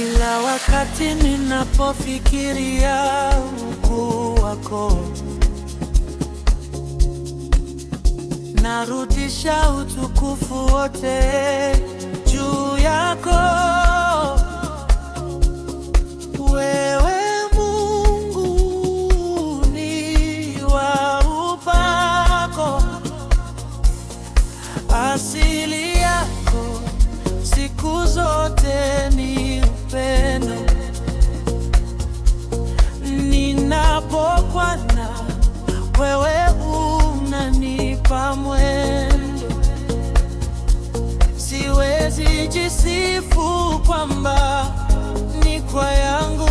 Kila wakati ninapofikiria ukuu wako, narudisha utukufu wote juu siwezi jisifu kwamba ni kwa yangu